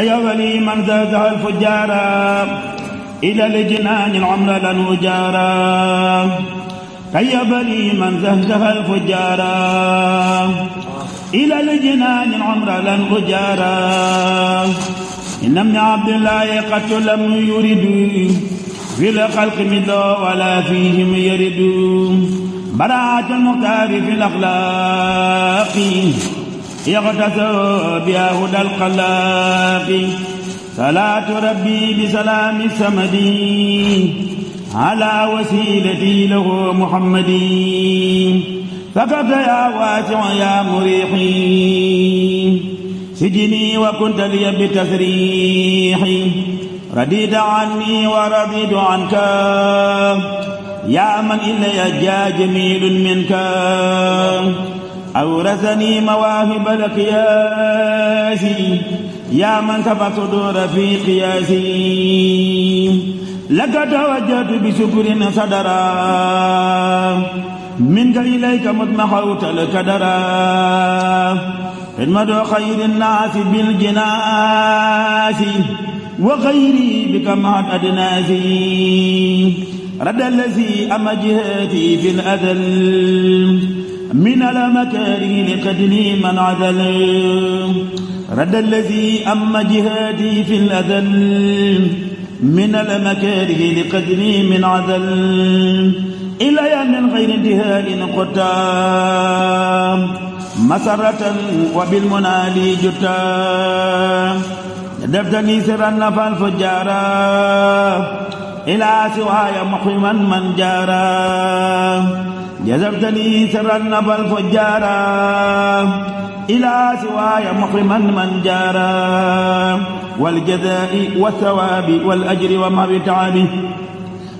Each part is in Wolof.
يا ولي من زادها الفجار إلى الجنان العمر لن وجارا يا ولي من زهزها الفجار إلى الجنان العمر لن وجارا إن ابن عبد الله قد لم يرد في الخلق مثله ولا فيهم يرد براءة المختار في الأخلاق يغتسل بها هدى القلاق صلاة ربي بسلام السمد على وسيلتي له محمد فكفت يا واسع يا مريحي سجني وكنت لي بتسريحي رديت عني ورضيت عنك يا من إلي جاء جميل منك أورثني مواهب القياس يا من ثبت دور في قياسي لك توجهت بشكر صدرا منك إليك مطمحوت الكدرا خدمة خير الناس بالجناس وغيري بك مهد أدناسي رد الذي أمجهتي في الأذل من المكاره لقدني من عذل رد الذي أم جهادي في الأذل من المكاره لقدني من عذل إلى من غير انتهاء قدام مسرة وبالمنال جتا دفتني سرا نفى الفجارا إلى سواي محرما من جارا جذبتني سر النبل فجارا إلى سواي محرما من جارا والجزاء والثواب والأجر وما بتعبه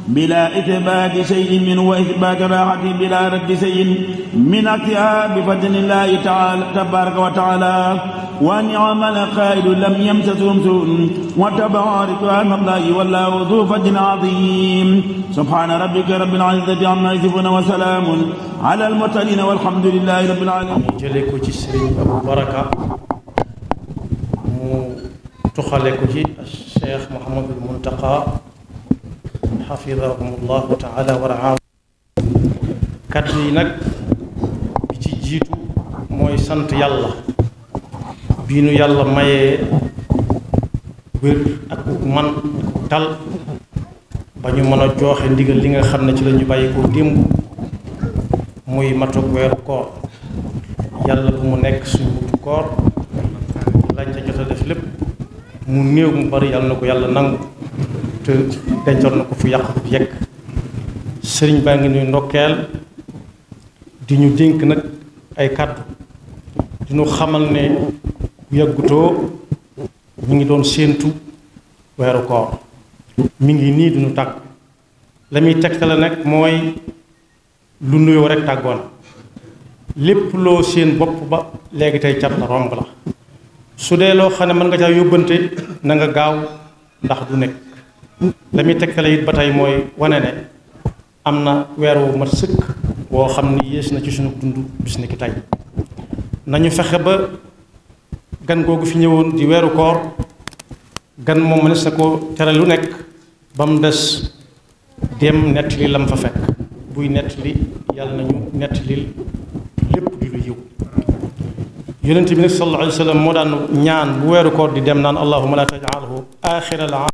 بلا إثبات شيء من وإثبات راحة بلا رد شيء من عكسها بفضل الله تعالى تبارك وتعالى ونعم القائد لم يمسسهم سوء وتبارك عن الله والله ذو فضل عظيم سبحان ربك رب العزة عما يصفون وسلام على المرسلين والحمد لله رب العالمين. jële ko ci Sëriñ Abu Baraka mu tuxale ko ci Cheikh Mouhamadul Muntaqa xafidahum allahu taala wa raahum kaddu yi nag bi ci jiitu mooy sant yàlla bii nu yàlla mayee wér ak man tal ba ñu mën a jooxe ndigal li nga xam ne ci la ñu bàyyi ko démb muy matug weeru koor yàlla bu mu nekk suñu wutu koor lañ jot a def lépp mu néew mu bari yàlla na ko yàlla nangu te dencoon na ko fu yàq bu yekk sëriñ baa ngi nuy ndokkeel di ñu dénk nag ay kàddu di nu xamal ne yëggutoo mu ngi doon séentu weeru koor mi ngi nii duñu tàgg la muy tegtale nag mooy lu nuyoo rek tàggoon lépp loo séen bopp ba léegi tey cat la romb la su dee loo xam ne mën nga ca yóbbante na nga gaaw ndax du nekk la muy tegtale it ba tey mooy wane ne am na weer wu mat sëkk woo xam ne yées na ci sunu dund bis ni ki tey nañu fexe ba gan googu fi ñëwoon di weeru koor gan moom mënees na ko tere lu nekk ba mu des dem nettali lam fa fekk buy nettali yàlla nañu nettali lépp di lu yiw yonent bi nag sallallahu alayhi moo daan ñaan bu weeru koor di dem naan allahuma la tajalhu axira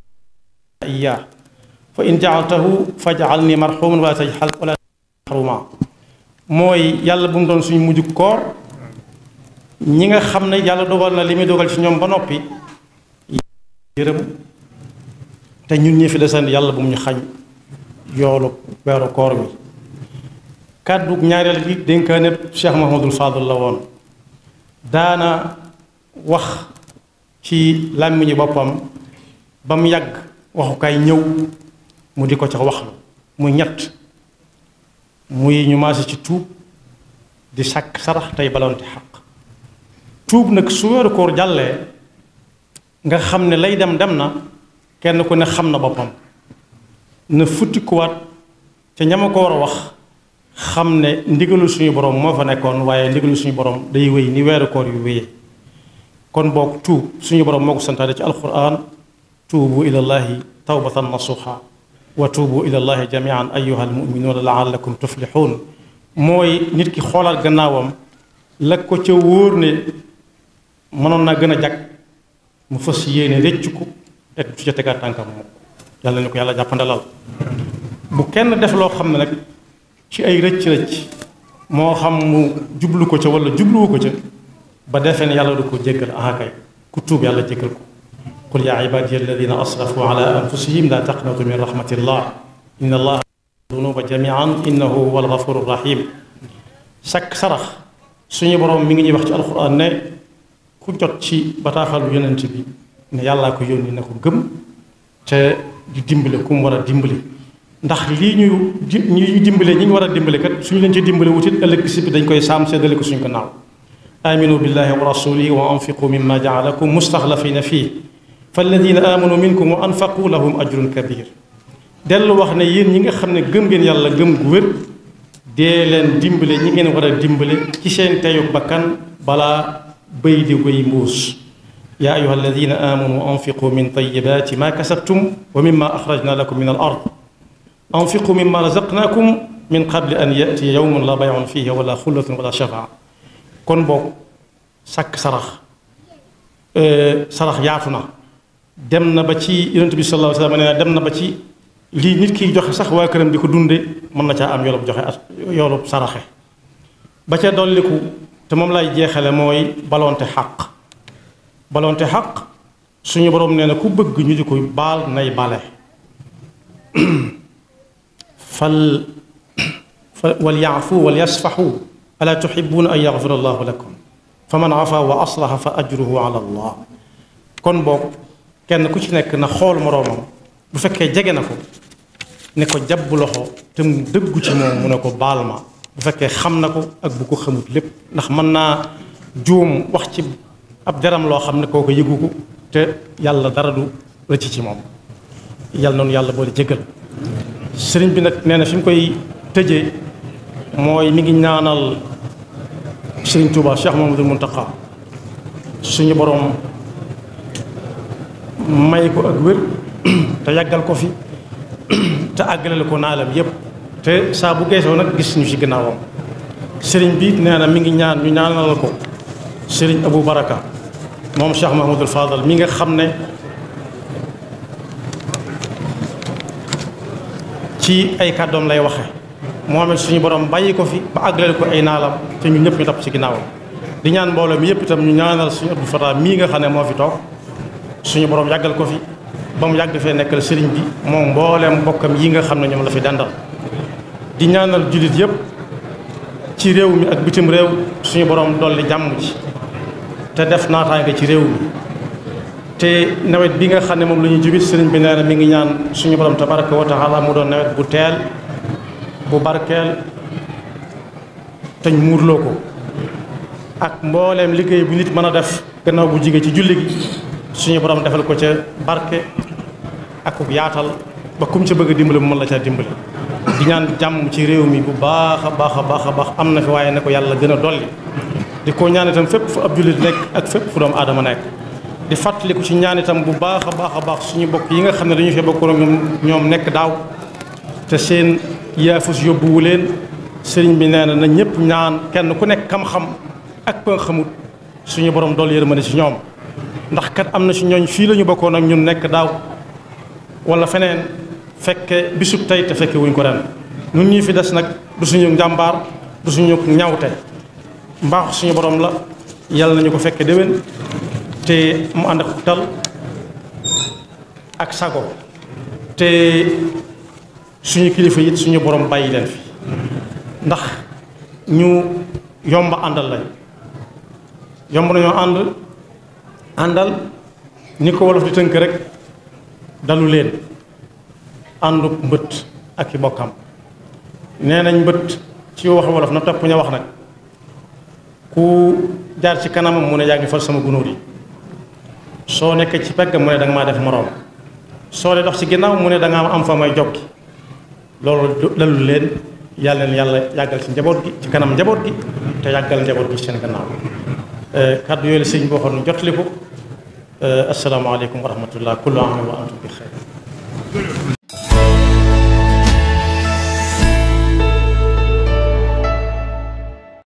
iyaa fa in jaaltahu fajal ni marxuman wala tajal wala marxuma mooy yàlla bu doon suñu mujj koor ñi nga xam ne yàlla dogal na li muy dogal ci ñoom ba noppi yërëm te ñun ñi fi desandi yàlla bu ñu xañ yoolu weeru koor bi kàddu ñaareel gi dénkaane Cheikh Mahamadul Fadal la woon daana wax ci làmmiñu boppam ba yàgg waxukaay ñëw mu di ko ca waxlu muy ñett muy ñu maase ci tuub di sàkk sarax tey balonte xaq tuub nag su weeru koor jàllee nga xam ne lay dem dem na kenn ku ne xam na boppam na kuwaat ca ñama ko war a wax xam ne ndigalu suñu borom moo fa nekkoon waaye ndigalu suñu borom day wéy ni weeru koor yu wéyee kon boog tuub suñu borom moo ko santaane ci alquran tuubu ilallahi tawbatan nasuha wa tuubu ilallahi jamian ayyuha almuminuuna laallakum tuflixuun mooy nit ki xoolaat gannaawam la ko ca wóor ne mënoon naa gën a jàkk mu fas yéene rëcc ko te du ca tegaat moom yàlla ni ko yàlla jàppandalal bu kenn def loo xam ne nag ci ay rëcc-rëcc moo xam mu jublu ko ca wala jubluwu ko ca ba defee ne yàlla du ko jéggal ahakay ku tuub yàlla jéggal ko qul yaa ibaadiya alladina asrafu ala anfusihim laa taqnatu min rahmatillah inna allaha dunuba jamian innahu suñu borom mi ngi ñuy wax ci alquran ne ku jot ci bataaxalu yonent bi ne yàllaa ko yónni na ko gëm te di dimbale ku war a dimbale ndax lii ñuy ñuy dimbale ñi ñu war a dimbale kat suñu leen ci dimbale wutit ëllëg si bi dañ koy saam seddale ko suñ ko naaw aminu billahi wa rasulihi wa anfiqu mimma jaalakum fii falladina amanu minkum wa anfaqu lahum ajrun kabir dellu wax ne yéen ñi nga xam ne gëm ngeen yàlla gëm gu wér dee leen dimbale ñi ngeen war a dimbale ci seen teyu bakkan balaa bëy di koy mbuus yaa ayuha alladina amanu anfiqu min tayibati ma kasabtum wa mimma axrajna lakum min al ard anfiqu mimma razaqnakum min qabli an yatiya yawmun la bayun fihi wala xullatun wala shafaa kon boog sàkk sarax sarax yaatu na dem na ba ci yonent bi sallallahu alayhi wa dem na ba ci lii nit kiy joxe sax waa këram di ko dunde mën na caa am yoolub joxe as yoolub saraxe ba ca dolliku te moom lay jeexale mooy baloonte xaq baloonte xaq suñu boroom nee na ku bëgg ñu di ko baal nay bale fal wal yaafu wal yasfaxu alaa tuxibuuna an yaxfira allahu lakum fa man afa wa aslaha fa ajruhu ala allah kon boog kenn ku ci nekk na xool moroomam bu fekkee jege na ko ne ko jàbb loxo te mu dëggu ci moom mu ne ko baal ma bu fekkee xam na ko ak bu ko xamut lépp ndax mën naa juum wax ci ab deram loo xam ne koo ko yëgu ko te yàlla dara du rëcc ci moom yàlla noonu yàlla boole jéggal sëriñ bi nag nee na fi mu koy tëje mooy mu ngi ñaanal sëriñ Touba Cheikh Mamadou Mountakha suñu borom. may ko ak wér te yàggal ko fi te àggaleel ko naalam yépp te saa bu geesoo nag gis ñu ci gannaawam sëriñ bi nee na mi ngi ñaan ñu ñaanal ko sëriñ Abou Baraka moom Cheikh Mahmoudou Fadal mi nga xam ne ci ay kàddoom lay waxe moom it suñu borom bàyyi ko fi ba àggaleel ko ay naalam te ñu ñëpp ñu dab ci ginnaawam di ñaan mbooloo mi yëpp itam ñu ñaanal suñu Abdou Fatah mii nga xam ne moo fi toog suñu borom yàggal ko fi ba mu yàgg fee nekkal sëriñ bi moom mbooleem bokkam yi nga xam ne ñoom la fi dàndal di ñaanal jullit yëpp ci réew mi ak bitim réew suñu borom dolli jàmm ji te def naataange ci réew mi te nawet bi nga xam ne moom la ñuy jubit sëriñ bi nee na mi ngi ñaan suñu borom tabaraka wa taala mu doon nawet bu teel bu barkeel teñ muurloo ko ak mbooleem liggéey bu nit mën a def gannaaw bu jige ci julli gi suñu borom defal ko ca barke ak yaatal ba kum ca bëgg dimbale dimbali mu la caa dimbali. di ñaan jàmm ci réew mi bu baax a baax a baax a baax am na fi waaye ne ko yàlla gën a dolli di koo ñaan itam fépp fu ab jullit nekk ak fépp fu doomu aadama nekk. di fàttaliku ci ñaan itam bu baax a baax a baax suñu bokk yi nga xam ne dañu fee bokkoon ñoom ñoom nekk daaw te seen yaafus yóbbuwu leen sëriñ bi nee na na ñëpp ñaan kenn ku nekk xam-xam ak ba xamut suñu borom dool yërmande ci ñoom. ndax kat am na si ñooñ fii la ñu bokkoon ak ñun nekk daaw wala feneen fekke bisu tey te fekke wuñ ko ren ñun ñii fi des nag du suñu njàmbaar du suñu ñawte mbaax suñu boroom la yàlla nañu ko fekke déwén te mu ànd ak dal ak sago te suñu kilifa yit suñu borom bàyyi leen fi ndax ñu yomb àndal lañ yomb nañoo ànd àndal ni ko wolof di tënk rek dalu leen àndub mbët ak i bokkam nee nañ mbët ci wax wolof na topp ña wax nag ku jaar ci kanamam mu ne yaa ngi sama gunóor yi soo nekkee ci pegg mu ne danga maa def moroom soo dee dox ci ginnaaw mu ne danga am fa may jokki loolu lalu leen yàlla yàlla yàggal ci njaboot gi ci kanam njaboot gi te yàggal njaboot gi seen gannaaw kàddu yooyu la sëñ bi waxoon ko Euh, asalaamaaleykum wa rahmatullah kullu aam wa antum bi